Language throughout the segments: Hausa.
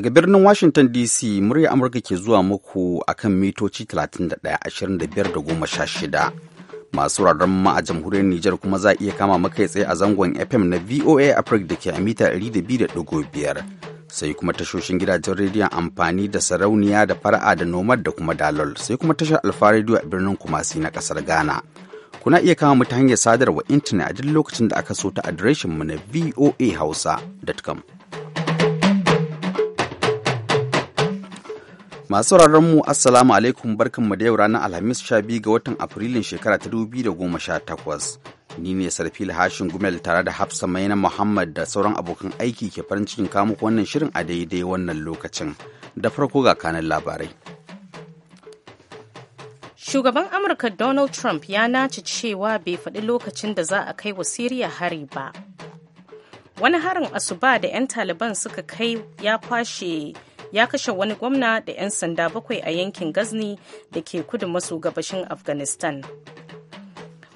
Daga birnin Washington DC murya Amurka ke zuwa muku a kan mitoci 31 sha shida Masu rarren ma a jamhuriyar Nijar kuma za iya kama makai tsaye a zangon FM na VOA Africa da ke a mita 200.5. Sai kuma tashoshin gidajen rediyon amfani da sarauniya da fara'a da nomad da kuma dalol sai kuma tashar alfa rediyo a birnin Kumasi na kasar Ghana. Kuna iya kama mu ta hanyar sadarwa intanet a duk lokacin da aka so ta mu na voahausa.com. Masu mu Assalamu alaikum barkan mu da yau ranar Alhamis 12 ga watan Afrilun shekara ta 2018. Ni ne Sarfil Hashin Gumel tare da Hafsa Maina Muhammad da sauran abokan aiki ke farin cikin kamuku wannan shirin a daidai wannan lokacin. Da farko ga kanan labarai. Shugaban Amurka Donald Trump ya nace cewa bai faɗi lokacin da za a kai wa Siriya hari ba. Wani harin asuba da 'yan Taliban suka kai ya kwashe ya kashe wani gwamna da 'yan sanda bakwai a yankin gazni da ke kudu maso gabashin afghanistan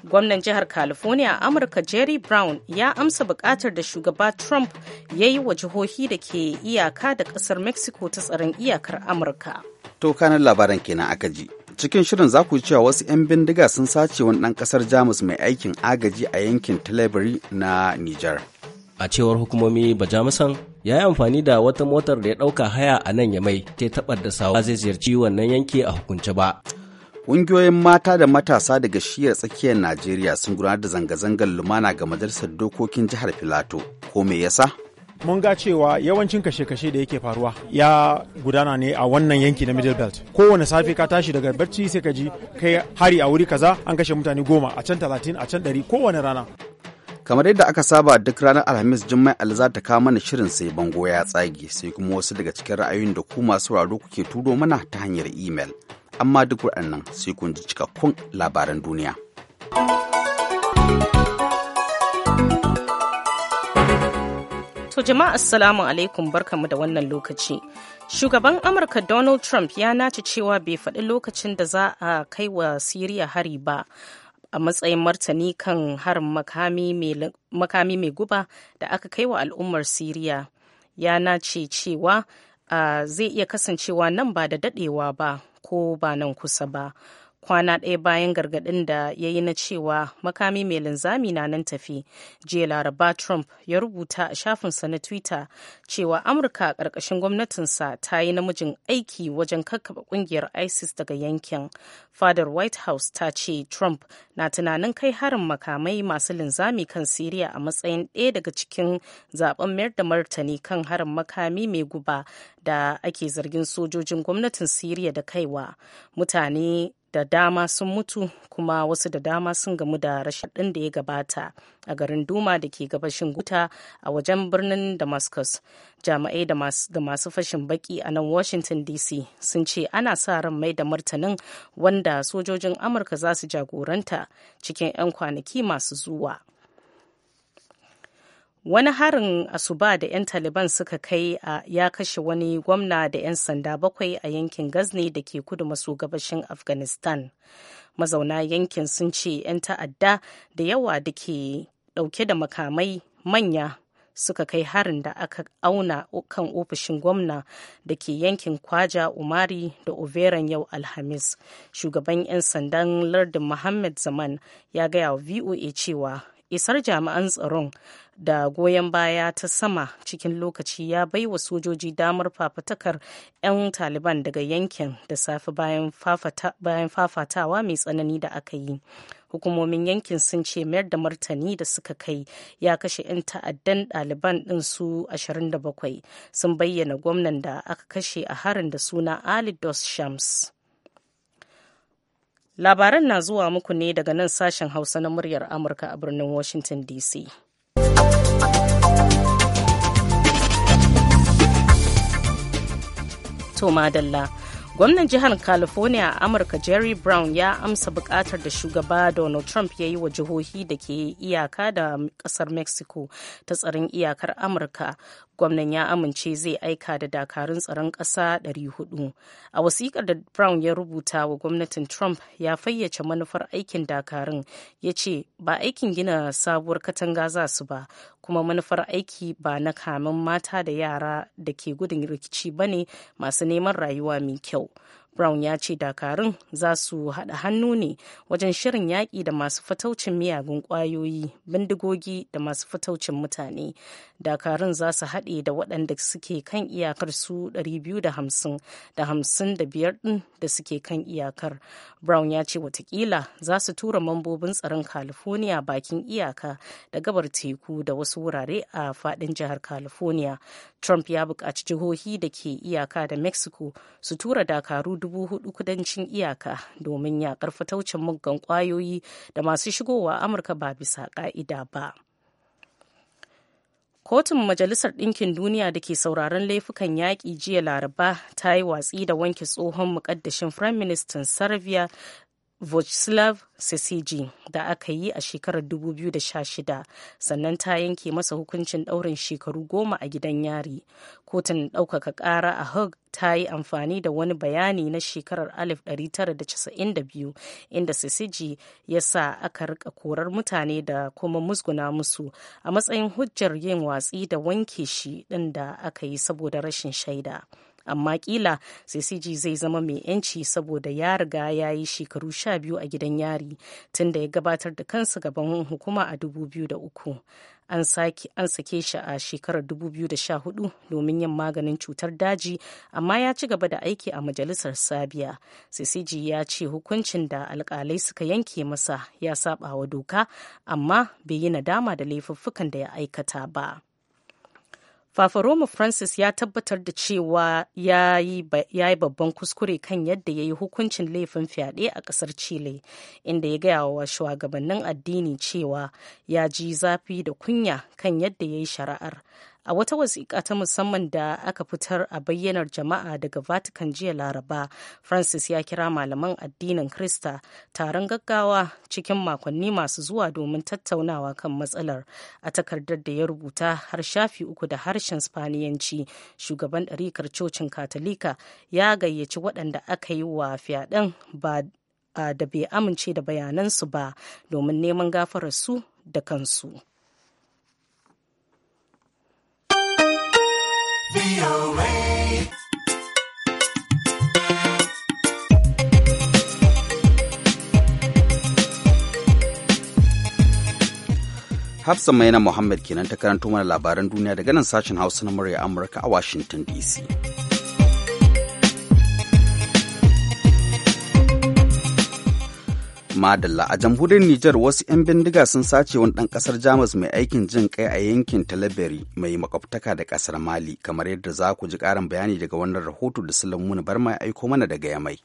gwamnan jihar california amurka jerry brown ya amsa bukatar da shugaba trump ya yi wa jihohi da ke iyaka da kasar mexico ta tsaron iyakar amurka to kanan labaran kenan aka ji cikin shirin za ku cewa wasu 'yan bindiga sun sace wani ɗan ƙasar jamus mai aikin agaji a yankin tilabiri na nijar. a cewar hukumomi ba jamusan ya yi amfani da wata motar da ya ɗauka haya a nan ya mai ta taɓar da sawa zai ziyarci wannan yanki a hukunce ba. Ƙungiyoyin mata da matasa daga shiyar tsakiyar Najeriya sun gudanar da zanga-zangar lumana ga majalisar dokokin jihar Filato. Ko me yasa? mun ga cewa yawancin kashe-kashe da yake faruwa ya gudana ne a wannan yanki na middle belt kowane safe ka tashi daga barci sai ka ji kai hari a wuri kaza an kashe mutane goma a can talatin a can ɗari kowane rana kamar yadda aka saba duk ranar alhamis jummai alza ta kawo mana shirin sai bango ya tsage sai kuma wasu daga cikin ra'ayoyin da ku masu raro kuke turo mana ta hanyar imel amma duk waɗannan sai kun ji cikakkun labaran duniya To jama'a assalamu alaikum barkamu da wannan lokaci. Shugaban Amurka Donald Trump ya nace cewa bai faɗi lokacin da za a kai wa Siriya hari ba. a matsayin martani kan harin makami mai guba da aka kai wa al'ummar siriya ya nace cewa zai iya kasancewa nan ba da dadewa ba ko ba nan kusa ba kwana ɗaya bayan gargaɗin da ya yi na cewa makami mai linzami na nan tafi jiya laraba trump ya rubuta a shafinsa na twitter cewa amurka ƙarƙashin gwamnatinsa ta yi namijin aiki wajen kakkaba ƙungiyar isis daga yankin fadar white house ta ce trump na tunanin kai harin makamai masu linzami kan siriya a matsayin ɗaya daga cikin zaben mayar da martani kan harin makami mai guba da ake zargin sojojin gwamnatin siriya da kaiwa mutane da dama sun mutu kuma wasu da dama sun gamu da rashin ɗin da ya gabata a garin duma da ke gabashin guta a wajen birnin damascus jami'ai da masu fashin baki a nan washington dc sun ce ana sa ran mai da martanin wanda sojojin amurka za su jagoranta cikin 'yan kwanaki masu zuwa wani harin asuba da 'yan taliban suka kai a ya kashe wani gwamna da 'yan sanda bakwai a yankin gazni da ke kudu maso gabashin afghanistan mazauna yankin sun ce 'yan ta'adda da yawa da ke dauke da makamai manya suka kai harin da aka auna kan ofishin gwamna da ke yankin kwaja umari da overan yau alhamis shugaban 'yan sandan lardin muhammad zaman ya gaya wa voa cewa isar jami'an tsaron da goyon baya ta sama cikin lokaci ya bai wa sojoji damar fafatakar 'yan taliban daga yankin da safe bayan fafatawa mai tsanani da aka yi hukumomin yankin sun ce mayar da martani da suka kai ya kashe 'yan ta'addan ɗaliban ɗin su 27 sun bayyana gwamnan da aka kashe a harin da suna ali dos shams labaran na zuwa muku ne daga nan sashen hausa na muryar amurka a birnin washington dc to madalla gwamnan jihar california a amurka jerry brown ya amsa bukatar da shugaba donald trump ya yi wa jihohi da ke iyaka da kasar mexico ta tsarin iyakar amurka gwamnan ya amince zai aika da dakarun tsaron ƙasa 400 a wasikar da brown ya rubuta wa gwamnatin trump ya fayyace manufar aikin dakarun ya ce ba aikin gina sabuwar katanga za su ba kuma manufar aiki ba na kamun mata da yara da ke gudun rikici ba ne masu neman rayuwa mai kyau Brown ya ce dakarun za su haɗa hannu ne wajen shirin yaƙi da masu fataucin miyagun ƙwayoyi, bindigogi da masu fataucin mutane. Dakarun za su haɗe da waɗanda suke kan iyakar su 250 da 55 ɗin da suke kan iyakar. Brown ya ce watakila za su tura mambobin tsaron California bakin iyaka da gabar teku da wasu wurare a faɗin jihar California. Trump ya buƙaci jihohi da ke iyaka da Mexico su tura dakaru dubu hudu kudancin iyaka domin yakar fataucin muggan kwayoyi da masu shigowa amurka ba bisa ka'ida ba kotun majalisar ɗinkin duniya da ke sauraron laifukan yaƙi jiya laraba ta yi watsi da wanke tsohon muƙaddashin firayim ministan serbia Vojislav Sesiji da aka yi a shekarar 2016 sannan ta yanke masa hukuncin ɗaurin shekaru goma a gidan yari. Kotun ɗaukaka ƙara a Hague ta yi amfani da wani bayani na shekarar 1992 inda Sesiji ya sa aka rika korar mutane da kuma musguna musu a matsayin hujjar yin watsi da wanke shi ɗin da aka yi saboda rashin shaida. amma kila Sisiji zai zama mai yanci saboda ya riga ya yi shekaru sha biyu a gidan yari tun da ya gabatar da kansa gaban hukuma a 2003. An sake shi a shekarar 2014 domin yin maganin cutar daji, amma ya ci gaba da aiki a majalisar Sabiya. Sisiji ya ce hukuncin da alkalai suka yanke masa ya saba wa doka, amma bai yi nadama da laifuffukan da ya aikata ba. Fafaroma Francis ya tabbatar da cewa ya yi babban kuskure kan yadda ya yi hukuncin laifin fyaɗe a ƙasar Chile, inda ya gaya wa shugabannin addini cewa ya ji zafi da kunya kan yadda ya yi shari'ar, a wata wasiƙa ta musamman da aka fitar a bayyanar jama'a daga vatican jiya laraba francis ya kira malaman addinin krista taron gaggawa cikin makonni masu zuwa domin tattaunawa kan matsalar a takardar da ya rubuta har shafi uku da harshen spaniyanci shugaban ɗarikar cocin katolika ya gayyaci waɗanda aka yi wa fyaɗen ba da bai amince da bayanansu ba domin neman gafararsu da kansu. Hafsa Maina Muhammad kenan ta karanto mana labaran duniya daga nan sashen Hausa na murya Amurka a Washington DC. Madalla a jamhuriyar Nijar wasu 'yan bindiga sun sace wani ɗan ƙasar Jamus mai aikin jin kai a yankin Talaberi mai makwabtaka da ƙasar Mali kamar yadda za ku ji ƙarin bayani daga wannan rahoto da Sulaimun Barma ya aiko mana daga Yamai.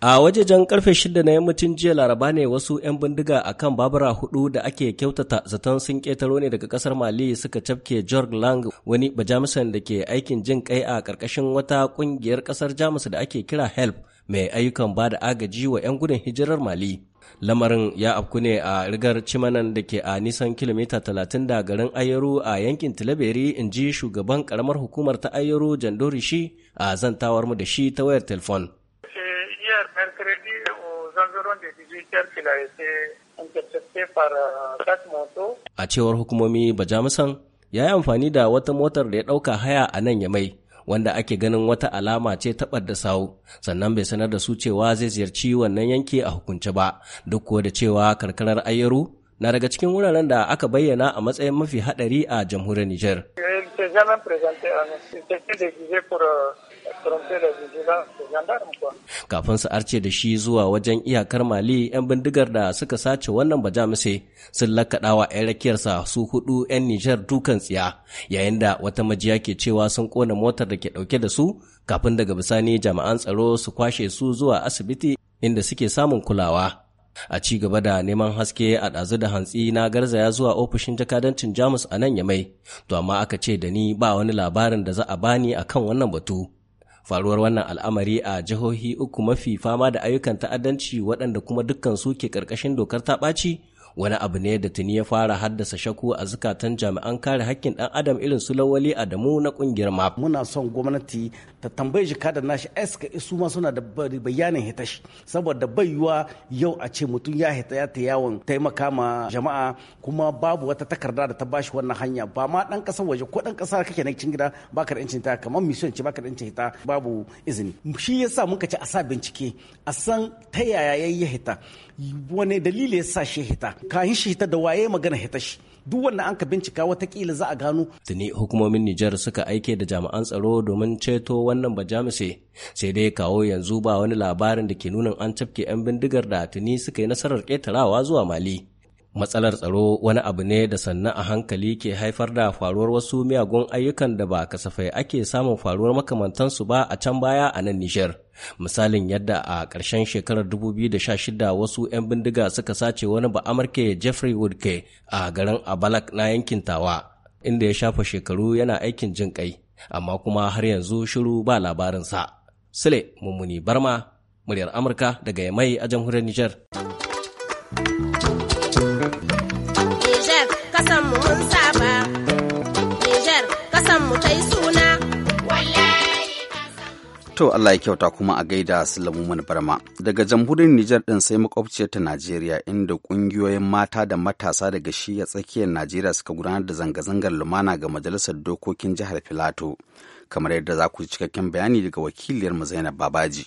A wajejen karfe shida na yammacin jiya laraba ne wasu 'yan bindiga a kan babura hudu da ake kyautata zaton sun ketaro ne daga kasar Mali suka cafke jorg Lang wani bajamisan da ke aikin jin kai a karkashin wata ƙungiyar ƙasar Jamus da ake kira HELP mai ayyukan ba da agaji wa 'yan gudun hijirar Mali. lamarin ya afku ne a rigar cimanan da ke a nisan kilomita 30 da garin ayaru a yankin tilaberi in ji shugaban karamar hukumar ta ayaru jandori shi a zantawar mu da shi ta wayar telefon eh, uh, a cewar hukumomi ba jamusan ya yi amfani da wata motar da ya ɗauka haya a nan ya mai wanda ake ganin wata alama ce ta da sawu sannan bai sanar da su cewa zai ziyarci wannan yanki a hukunce ba duk kuwa da cewa karkarar ayyaru na daga cikin wuraren da aka bayyana a matsayin mafi haɗari a jamhuriyar Nijar. Eh, Kafin su arce da shi zuwa wajen iyakar Mali 'yan bindigar da suka sace wannan bajamise sun lakaɗawa 'yan rakiyarsa su hudu 'yan Nijar dukan tsiya yayin da wata majiya ke cewa sun kona motar da ke ɗauke da su kafin daga bisani jami'an tsaro su kwashe su zuwa asibiti inda suke samun kulawa. a ci gaba da neman haske a ɗazu da hantsi na garzaya zuwa ofishin jakadancin jamus a nan ya mai, to amma aka ce da ni ba wani labarin da za a bani kan wannan batu faruwar wannan al'amari a jihohi uku mafi fama da ayyukan ta'addanci waɗanda kuma dukkan su ke ƙarƙashin dokar ta ɓaci wani abu ne da tuni ya fara haddasa shaku a zukatan jami'an kare hakkin ɗan adam irin su lawali adamu na ƙungiyar map muna son gwamnati ta tambayi na nashi eska su ma suna da bayanin hitashi saboda bai yiwa yau a ce mutum ya hita ya ta yawon taimaka ma jama'a kuma babu wata takarda da ta bashi wannan hanya ba ma dan kasar waje ko dan kasar kake na cikin gida baka da incin ta kamar mission ce baka da incin hita babu izini shi yasa muka ci a sa bincike a san ta yaya yayi hita wani dalili ya sa shi hita kayan shi hita da waye magana hita shi duk wanda an ka bincika watakila za a gano. Tuni hukumomin Nijar suka aike da jami'an tsaro domin ceto wannan bajamise sai dai kawo yanzu ba wani labarin da ke nuna an cafke 'yan bindigar da tuni suka yi nasarar ƙetarawa zuwa Mali. Matsalar tsaro wani abu ne da sannan a hankali ke haifar da faruwar wasu miyagun ayyukan da ba kasafai ake samun faruwar makamantansu ba a can baya a nan Nijar. misalin yadda a ƙarshen shekarar 2016 wasu 'yan bindiga suka sace wani ba'amarke jeffrey woodke a garin abalak na yankin tawa inda ya shafa shekaru yana aikin jin kai amma kuma har yanzu shiru ba labarinsa sule mummuni barma muryar amurka daga yamai a jamhuriyar niger Niger, kasan mu mun saba, Niger, kasan mu ta yi To Allah ya kyauta kuma a gaida Sulamu mana barma. Daga jamhuriyar Nijar ɗin sai makwabciyar ta Najeriya inda ƙungiyoyin mata da matasa daga shiya tsakiyar Najeriya suka gudanar da zanga-zangar lumana ga majalisar dokokin jihar Filato. Kamar yadda za ku ji cikakken bayani daga wakiliyar mu Zainab Babaji.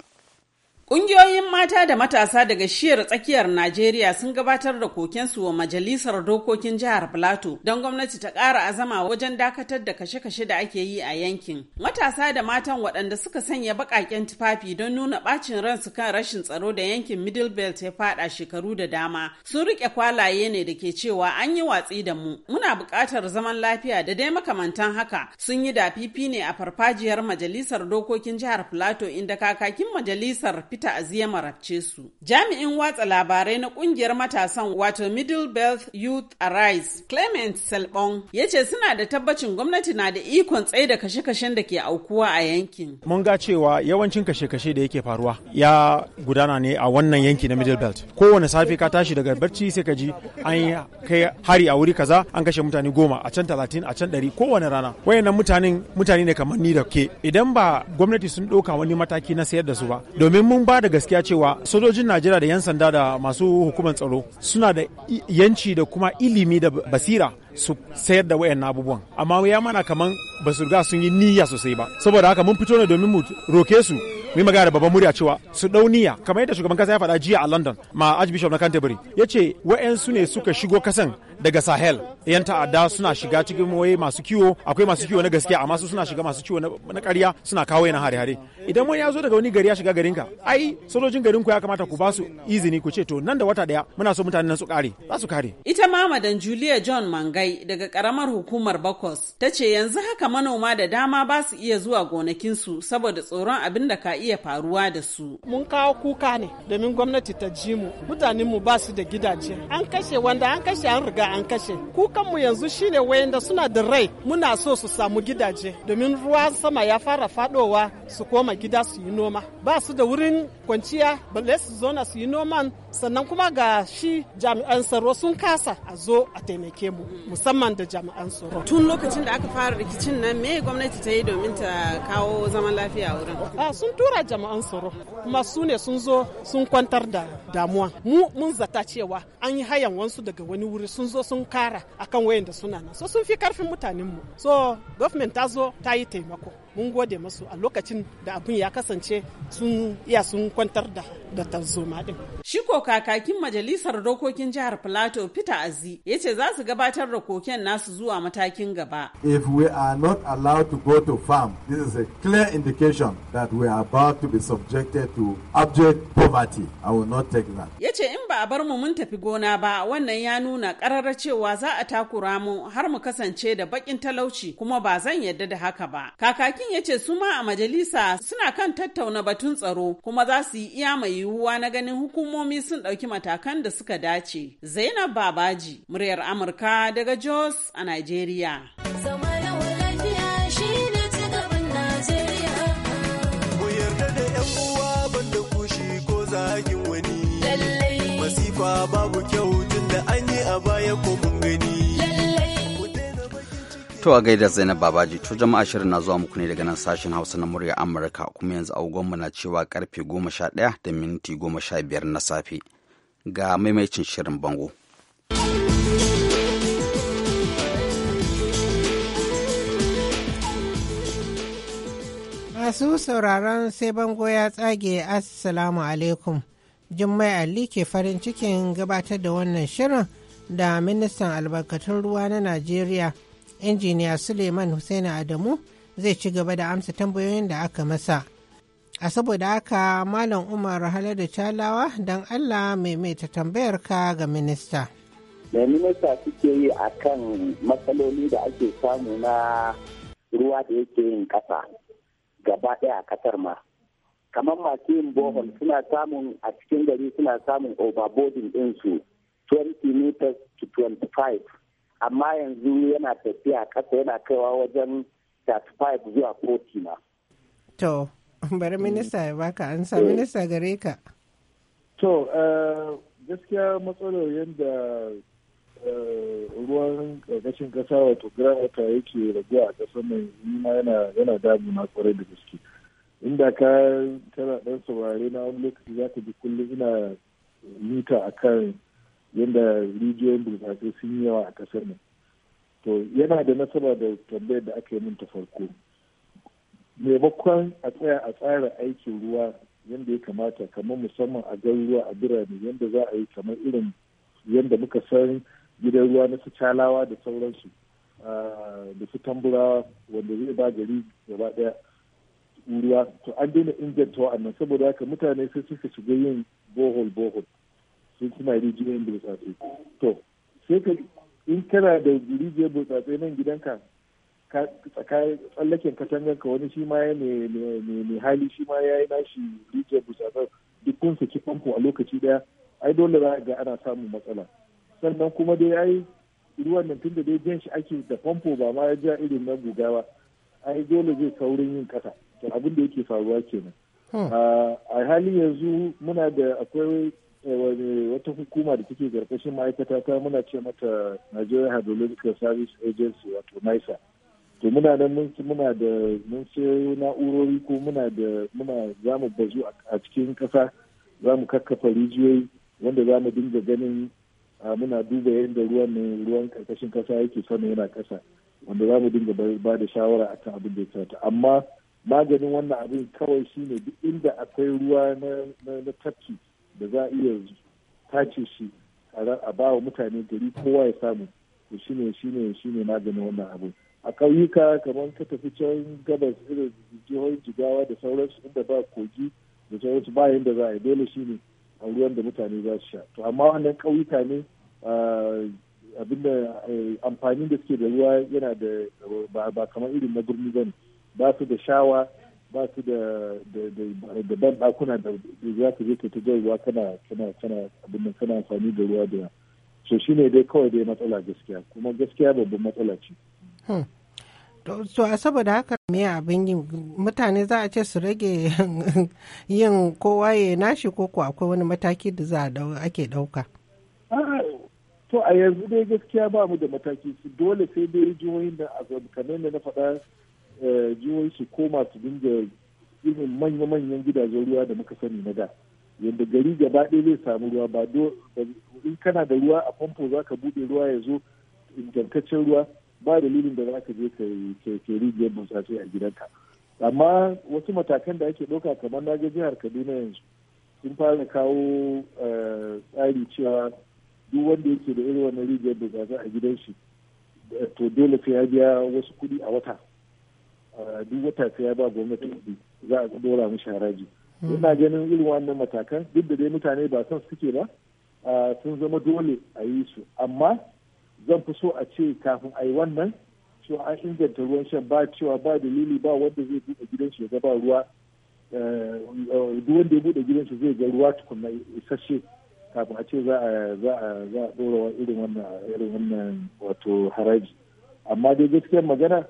Ƙungiyoyin mata da matasa daga shiyar tsakiyar Najeriya sun gabatar da kokensu wa Majalisar Dokokin Jihar Plateau don gwamnati ta ƙara azama wajen dakatar da kashe-kashe da ake yi a yankin. Matasa da matan waɗanda suka sanya baƙaƙen tufafi don nuna ɓacin ransu kan rashin tsaro da yankin Middle Belt ya faɗa shekaru da dama sun riƙe kwalaye ne da ke cewa an yi watsi da mu. Muna buƙatar zaman lafiya da dai makamantan haka sun yi dafifi ne a farfajiyar Majalisar Dokokin Jihar Plateau inda kakakin Majalisar ta'aziyya marabce su. Jami'in watsa labarai na kungiyar matasan wato Middle Belt Youth Arise, Clement Selbon, ya ce suna da tabbacin gwamnati na da ikon tsaye da kashe-kashen da ke aukuwa a yankin. Mun ga cewa yawancin kashe-kashe da yake faruwa ya gudana ne a wannan yanki na Middle Belt. Kowane safe ka tashi daga barci sai ka ji an kai hari a wuri kaza an kashe mutane goma a can talatin a can ɗari kowane rana. Wayannan mutanen mutane ne kamar ni da ke idan ba gwamnati sun ɗauka wani mataki na sayar da su ba domin mun ba da gaskiya cewa sojojin Najeriya da 'yan sanda da masu hukumar tsaro suna da yanci da kuma ilimi da basira su sayar da wayan abubuwan amma ya mana kaman ba su riga sun yi niyya sosai ba saboda haka mun fito ne domin mu roke su mu magana da babban murya cewa su dau niyya kamar yadda shugaban kasa ya faɗa jiya a London ma Archbishop na Canterbury yace wayan su ne suka shigo kasan daga Sahel. 'Yan ta'adda suna shiga cikin waye masu kiwo, akwai masu kiwo na gaskiya amma su suna shiga masu kiwo na ƙarya suna kawo yana hare-hare. Idan wani ya zo daga wani gari ya shiga garinka, ai sojojin garin garinku ya kamata ku ba su izini ku ce to nan da wata ɗaya muna so mutanen su kare, za su kare. Ita ma madan Julia John Mangai daga karamar hukumar Bakos ta ce yanzu haka manoma da dama ba su iya zuwa gonakinsu saboda tsoron abin da ka iya faruwa da su. Mun kawo kuka ne domin gwamnati ta ji mu, mutanenmu ba su da gidaje. An kashe wanda an kashe an riga an kashe kukanmu yanzu shine wayanda suna da rai muna so su samu gidaje domin ruwa sama ya fara fadowa su koma gida su yi noma ba su da wurin kwanciya balle su zauna su yi noman sannan kuma ga shi jami'an tsaro sun kasa a zo a taimake mu musamman da jami'an tsaro tun lokacin da aka fara rikicin nan me gwamnati ta yi domin ta kawo zaman lafiya wurin sun tura jami'an tsaro kuma su ne sun zo sun kwantar da damuwa mu mun zata cewa an yi hayan wansu daga wani wuri sun zo sun kara akan da suna nan so sun fi karfin mutanen mu so government ta zo ta yi taimako mun gode masu a lokacin da abin ya kasance sun iya sun kwantar da da tarzoma din. Shi ko kakakin majalisar dokokin jihar Plateau Peter Azzi ya ce za su gabatar da koken nasu zuwa matakin gaba. If we are not allowed to go to farm, this is a clear indication that we are about to be subjected to abject poverty. I will not take that. Ya in ba a bar mu mun tafi gona ba wannan ya nuna kararra cewa za a takura mu har mu kasance da bakin talauci kuma ba zan yadda da haka ba. Kakakin Hakin ya ce su ma a majalisa suna kan tattauna batun tsaro kuma za su yi iya mai yiwuwa na ganin hukumomi sun ɗauki matakan da suka dace. Zainab Babaji, muryar Amurka daga Jos a Najeriya. To a gaida Zainab Babaji, to jama'a shirin na zuwa muku ne daga nan sashen Hausa na murya Amurka kuma yanzu agogonmu na cewa karfe goma sha ɗaya da minti goma sha biyar na safe ga maimaicin shirin bango. Masu sauraron sai bango ya tsage Assalamu alaikum. Jummai Ali ke farin cikin gabatar da wannan shirin da ministan albarkatun ruwa na Najeriya. injiniya suleiman Hussaini adamu zai ci gaba da amsa tambayoyin da aka masa a saboda haka malam umar da calawa don allah maimaita tambayar ka ga minista da minista suke yi a kan matsaloli da ake samu na ruwa da yake yin kasa gaba ɗaya a ƙasar ma kamar masu yin bohol suna samun a cikin gari suna samun overboarding ɗinsu 20 meters to 25 amma yanzu yana tafiya ƙasa yana kaiwa wajen 35 zuwa 40 na. To, bari mm. minista ya baka an sa eh. minista gare ka. To, eh, gaskiya matsalar yadda eh, ruwan ƙarƙashin ƙasa wato wata yake raguwa a ƙasa mai ma yana damuna kwarai da gaske. Inda ka tana ɗan saurare na wani lokaci za ka ji kullum ina mita akan yadda rijiyoyin burtsatse sun yi yawa a kasar nan to yana da nasaba da tambayar da aka yi min ta farko maimakon a tsaya a tsara aikin ruwa yadda ya kamata kamar musamman a ruwa a birane yadda za a yi kamar irin yadda muka san gidan ruwa na su calawa da sauransu ah, da su tamburawa wanda zai ba gari gaba daya ruwa to an daina inganta wa'annan saboda haka mutane sai suka shiga yin bohol bohol sun kuma rijiyoyin burtsatse to sai ka in kana da rijiyar burtsatse nan gidanka tsallaken katangar ka wani shi ma ya mai hali shi ma ya yi nashi rijiyar burtsatsen duk kun ci famfo a lokaci daya ai dole za ga ana samun matsala sannan kuma dai ai ruwan nan tunda dai jan shi ake da famfo ba ma ya ja irin na guga ba ai dole zai saurin yin kasa to abin da yake faruwa kenan hmm. ah, a halin yanzu muna da akwai Eh, wata hukuma da take karkashin ma'aikata ta muna ce mata Nigeria Hydrological Service Agency wato NISA. To muna nan muna da mun sayo na'urori ko muna da muna za mu bazu a cikin ƙasa za mu kakkafa rijiyoyi wanda za mu dinga ganin muna duba yadda ruwan ne ruwan karkashin ƙasa yake sama yana ƙasa wanda za mu dinga ba da shawara a kan abin da ya ta amma maganin wannan abin kawai shine duk inda akwai ruwa na tafki da za a iya tace shi a ba wa mutane gari kowa ya samu to ne shi ne maganin wannan abu a kauyuka kamar ka tafi can gabas irin jihohin jigawa da sauransu inda ba kogi da sauransu ba yadda za a yi dole shi ne a ruwan da mutane za su sha to amma wannan kauyuka ne abinda amfani da suke da ruwa yana da ba kamar irin na birni bane ba su da shawa ba su da da ban dakuna da za ka je ka ta ruwa kana kana kana abin nan kana amfani da ruwa da so shine dai kawai dai matsala gaskiya kuma gaskiya babban matsala ce hmm. to a saboda haka me abin yi mutane za a ce su rage yin kowa ya nashi ko ko akwai wani mataki da za a ake dauka to a yanzu dai gaskiya ba mu da mataki dole sai dai jihohin da kamar da na faɗa Eh, jihohi su koma su dinga irin manya-manyan gidajen ruwa da muka sani na da yadda gari gaba ɗaya zai samu ruwa ba in kana da ruwa a famfo za ka buɗe ruwa ya zo ingantaccen ruwa ba dalilin da za ka je ka rijiyar burtsatse a gidanka amma wasu matakan da ake ɗauka kamar na jihar kaduna yanzu sun fara kawo eh, tsari cewa duk wanda yake da irin wannan rijiyar burtsatse a gidan shi eh, to dole sai ya biya wasu kuɗi a wata duk wata sai ya ba gwamnati kuɗi za a dora mu haraji ina ganin irin wannan matakan duk da dai mutane ba son suke ba sun zama dole a yi su amma zan fi so a ce kafin a yi wannan cewa an inganta ruwan shan ba cewa ba dalili ba wanda zai buɗe gidan shi ya ba ruwa eh, duk wanda ya buɗe gidan shi zai ga ruwa tukunna isasshe kafin a ce za a za a za a dora irin wannan irin wannan wato haraji amma dai gaskiyar magana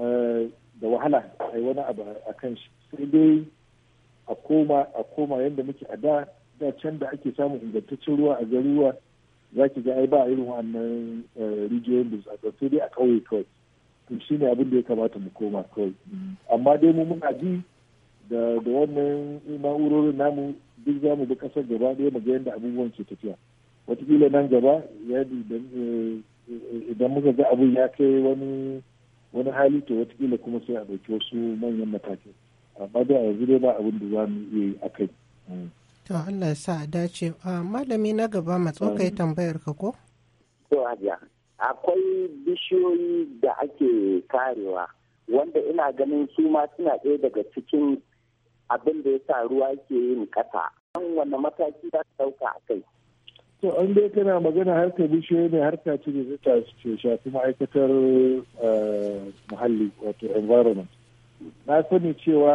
eh, da wahala a yi wani abu a kan shi sai dai a koma a koma yadda muke a da da can da ake samun ingantaccen ruwa a garuruwa za ki ga ai ba irin wannan eh, rijiyoyin da za sai dai a kauye kawai to shi ne abin da ya kamata mu koma kawai amma dai mu muna ji da da wannan na'urorin namu duk za mu bi kasar gaba ɗaya mu ga yadda abubuwan ke tafiya wataƙila nan gaba eh, idan muka ga abin ya kai wani wani hali to watakila kuma sai a ɗauki wasu manyan matakai amma da yanzu dai ba abin da za mu iya yi a kai. to Allah sa a dace ah, malami na gaba matso ka tambayar ka ko. to hajiya akwai bishiyoyi da ake karewa wanda ina ganin su ma suna ɗaya daga cikin abin da ya sa ruwa ke yin ƙasa. An wanne mataki za ka ɗauka a kai? so an dai kana magana harka bishiyoyi ne harka ce da ta shafi ma'aikatar eh, muhalli wato environment na sani cewa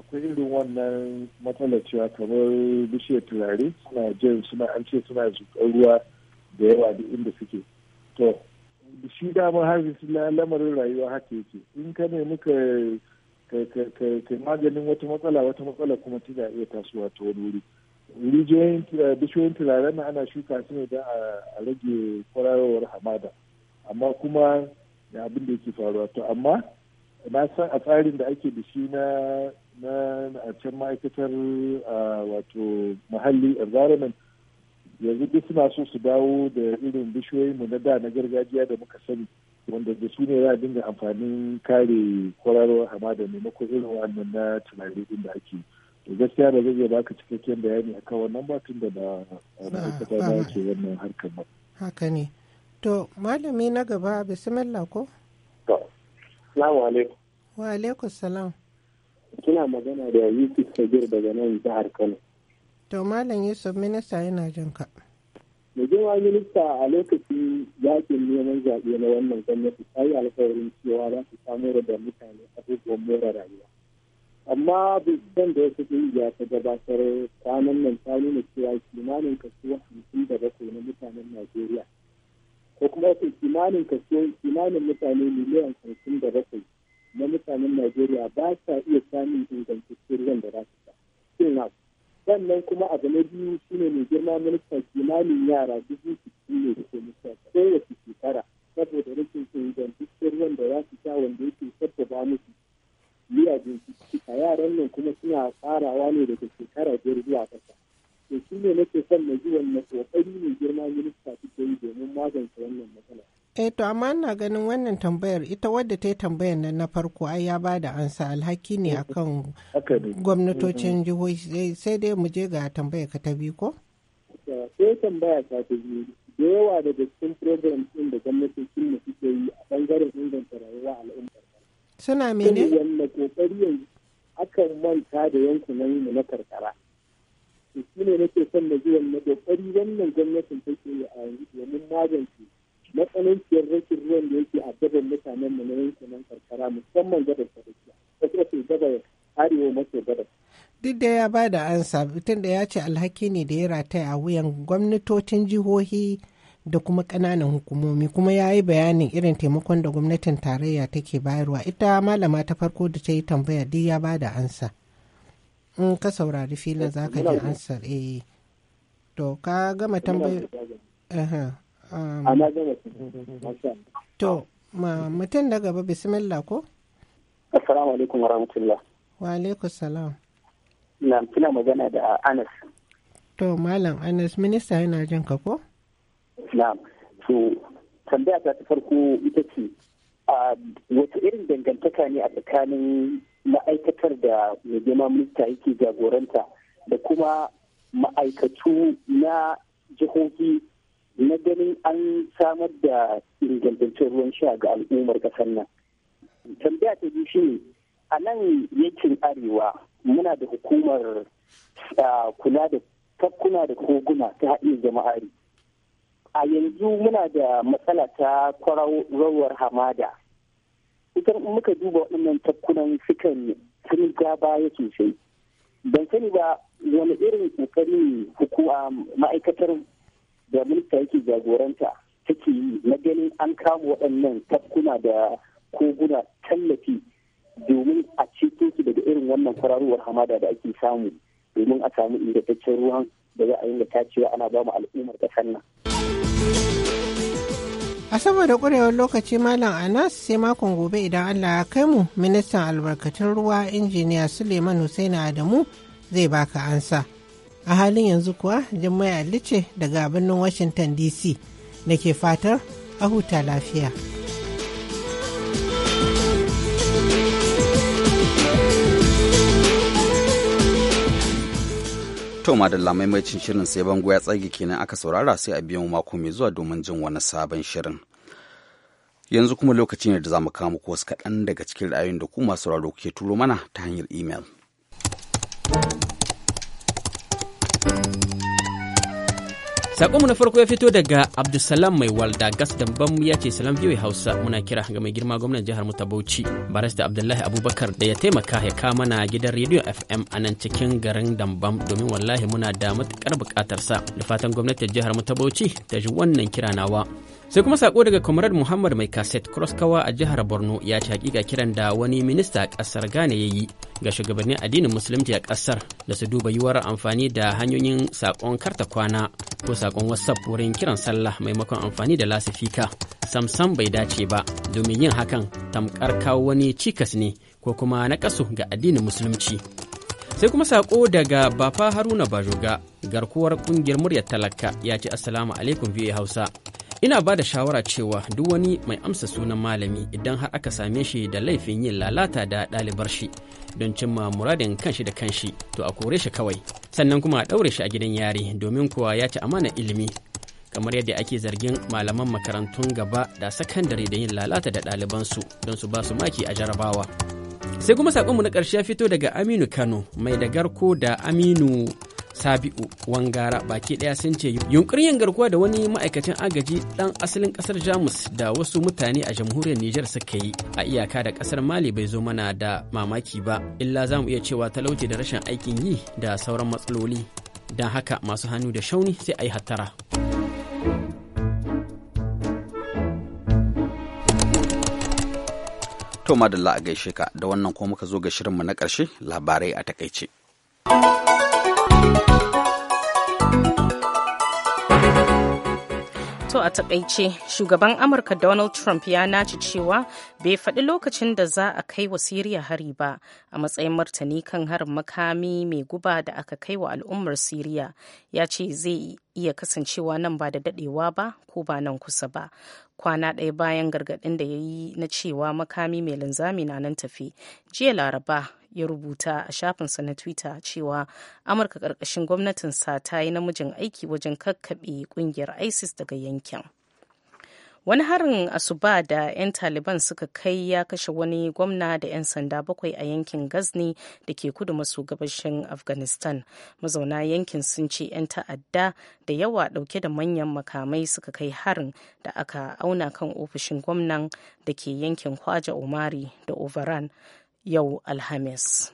akwai irin wannan matsalar cewa kamar bishiyar turare suna jin suna an ce suna zuƙar ruwa da yawa da inda suke to shi damar harbi su lamarin rayuwa haka yake in ka nemi ka kai maganin wata matsala wata matsala kuma tana iya tasowa ta wani wuri rijiyoyin bishiyoyin turaren na ana shuka su ne don a rage kwararowar hamada amma kuma da abin da yake faruwa to amma na san a tsarin da ake da shi na a can ma'aikatar wato muhalli environment yanzu duk suna so su dawo da irin bishiyoyin mu na da na gargajiya da muka sani wanda da su ne za a dinga amfanin kare kwararowar hamada maimakon irin wannan na tunani din da ake yi gaskiya da zai ba ka cikakken bayani a wannan nan batun da ba ma'aikata ba ke wannan harkar ba haka ne to malami na gaba bismillah ko to salamu alaikum wa alaikum salam kina magana da yusuf sagir daga nan jihar kano to malam yusuf minista yana jin ka da girma minista a lokacin yakin neman zaɓe na wannan gwamnati ta yi alkawarin cewa za su samar da mutane abubuwan more rayuwa amma binciken da wasu ya ta gabatar kwanan nan ta nuna cewa kimanin kaso hamsin da bakwai na mutanen najeriya ko kuma wasu kimanin kaso kimanin mutane miliyan hamsin da bakwai na mutanen najeriya ba sa iya samun ingantaccen ruwan da za su sha sannan kuma abu na biyu shine mai girma minista kimanin yara dubu sittin ne da ke mutuwa kowace shekara saboda rashin ingantaccen ruwan da za su sha wanda yake sabbaba musu miyagun cututtuka yaran nan kuma suna farawa ne daga shekara biyar zuwa ƙasa to shi ne nake son na ji wannan ƙoƙari ne girma minista suke yi domin magance wannan matsala. eh to amma ina ganin wannan tambayar ita wadda ta yi tambayar nan na farko ai ya ba da ansa alhaki ne akan gwamnatocin jihohi sai dai mu je ga tambayar ka ta biyu ko. ya tambaya ta ta biyu da yawa daga cikin program ɗin da gwamnatocin mu suke yi a ɓangaren inganta rayuwa al'umma Suna mene? Wanda kokari yanzu akan manta da yankunan mu na karkara. shi ne nake son da zuwan na kokari wannan gwamnatin take yi a yanzu domin magance matsananciyar rashin ruwan da yake a gaban mutanen mu na yankunan karkara musamman gaban sarakiya. Kasar ke gabar arewa maso gaba Duk da ya ba da ansa, mutum da ya ce alhaki ne da ya rataya a wuyan gwamnatocin jihohi da kuma ƙananan hukumomi kuma ya yi bayanin irin taimakon da gwamnatin tarayya take bayarwa ita malama ta farko da ta yi tambaya duk ya ba da ansa in ka saurari filin za ka ji ansar eh to ka gama tambayi um, to mutum da gaba bismillah ko assalamu alaikum warahmatullah wa alaikum salam na kina magana da anas to malam anas minista yana jin ka ko na'am to tambaya ta ta farko ita ce a wata irin dangantaka ne a tsakanin ma'aikatar da mai girma minista yake jagoranta da kuma ma'aikatu na jihohi na ganin an samar da ingantaccen ruwan sha ga al'ummar kasar nan tambaya ta biyu ne a nan yankin arewa muna da hukumar kula da tafkuna da koguna ta haɗin jama'ari a yanzu muna da matsala ta kwararrowar hamada idan muka duba waɗannan tafkunan sukan sun ga baya sosai ban sani ba wani irin kokari hukuma ma'aikatar da minista yake jagoranta take yi na ganin an kama waɗannan tafkuna da koguna tallafi domin a ceto su daga irin wannan kwararowar hamada da ake samu domin a samu ingantaccen ruwan da za a yi da tacewa ana ba mu al'ummar ƙasar nan. A saboda ƙwarewar lokaci Malam Anas sai makon gobe idan Allah ya kai mu ministan albarkatun ruwa injiniya Suleiman Hussein Adamu zai baka ansa. A halin yanzu kuwa Jummai Ali daga birnin Washington DC da ke fatar a huta lafiya. To madalla maimacin shirin sai bango ya tsage kenan aka saurara sai a biyan mako mai zuwa domin jin wani sabon shirin. Yanzu kuma lokaci ne da za mu kawo muku wasu kaɗan daga cikin ra'ayoyin da ku masu sauraro ke turo mana ta hanyar imel. Sakonmu na farko ya fito daga Abdulsalam Mai Walda Gas Dambam ya ce salam biyu Hausa muna kira ga mai girma gwamnan jihar mu ta Bauchi Barista Abdullahi Abubakar da ya taimaka ya kama na gidan rediyo FM a nan cikin garin Dambam domin wallahi muna da matukar bukatarsa sa da fatan gwamnatin jihar mu ta Bauchi ta ji wannan kira nawa. sai kuma sako daga comrade muhammad mai kaset kroskawa a jihar borno ya ci hakika kiran da wani minista a kasar ghana ya yi ga shugabannin addinin musulunci a kasar da su duba yiwuwar amfani da hanyoyin sakon karta kwana ko sakon whatsapp wurin kiran sallah maimakon amfani da lasifika samsam bai dace ba domin yin hakan tamkar kawo wani cikas ne ko kuma na nakasu ga addinin musulunci sai kuma sako daga bafa haruna bajoga garkuwar kungiyar muryar talaka ya ce assalamu alaikum biyu hausa ina ba da shawara cewa duk wani mai amsa sunan malami idan har aka same shi da laifin yin lalata da ɗalibar shi don cimma muradin kanshi da kanshi to a kore shi kawai sannan kuma a ɗaure shi a gidan yari domin kuwa ya ci amana ilimi kamar yadda ake zargin malaman makarantun gaba da sakandare da yin lalata da ɗalibansu don su ba su maki a jarabawa sai kuma saƙonmu na ƙarshe ya fito daga aminu kano mai da garko da aminu sabi'u wangara baki daya sun ce yunkurin garkuwa da wani ma'aikacin agaji dan asalin kasar jamus da wasu mutane a jamhuriyar nijar suka yi a iyaka da kasar mali bai zo mana da mamaki ba illa zamu iya cewa talauci da rashin aikin yi da sauran matsaloli don haka masu hannu da shauni sai a yi hattara To madalla a gaishe ka da wannan kuma muka zo ga shirinmu na ƙarshe labarai a takaice. To a takaice shugaban Amurka Donald Trump ya naci cewa bai faɗi lokacin da za a kai wa Siriya hari ba a matsayin martani kan harin makami mai guba da aka kai wa al'ummar Siriya ya ce zai iya kasancewa nan ba da daɗewa ba ko ba nan kusa ba kwana ɗaya bayan gargaɗin da ya yi na cewa makami mai linzami na nan tafi jiya laraba ya rubuta a shafinsa na twitter cewa amurka ƙarƙashin sa ta yi namijin aiki wajen kakkaɓe ƙungiyar isis daga yankin wani harin asuba da 'yan taliban suka kai ya kashe wani gwamna da 'yan sanda bakwai a yankin gazni da ke kudu maso gabashin afghanistan mazauna yankin sun ce 'yan ta'adda da yawa dauke da manyan makamai suka kai harin da aka auna kan ofishin gwamnan da ke yankin kwaja umari da overan yau alhamis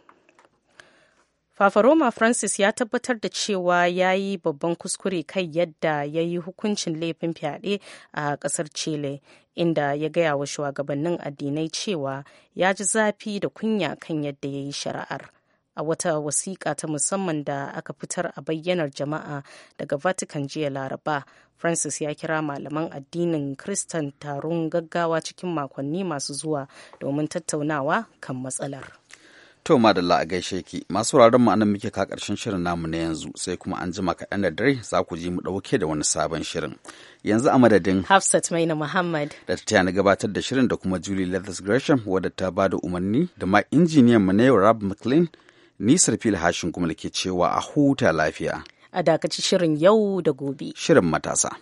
fafaroma francis ya tabbatar da cewa ya yi babban kuskure kai yadda ya yi hukuncin laifin fyaɗe a ƙasar chile inda ya gaya wa shugabannin addinai cewa ya ji zafi da kunya kan yadda ya yi shari'ar a wata wasiƙa ta musamman da aka fitar a bayyanar jama'a daga vatican jiya laraba francis ya kira malaman addinin kristan taron gaggawa cikin makonni masu zuwa domin tattaunawa kan matsalar To madalla a gaishe ki masu wuraren mu anan muke ka karshen shirin namu na yanzu sai kuma an jima kaɗan da dare za ku ji mu ɗauke da wani sabon shirin. Yanzu a madadin Hafsat Maina Muhammad da ta na gabatar da shirin da kuma Julie Leathers Gresham wadda ta ba da umarni da ma injiniyan mu na yau rab McLean Nisar fil hashin kuma ke cewa a huta lafiya. A dakaci shirin yau da gobe. Shirin matasa.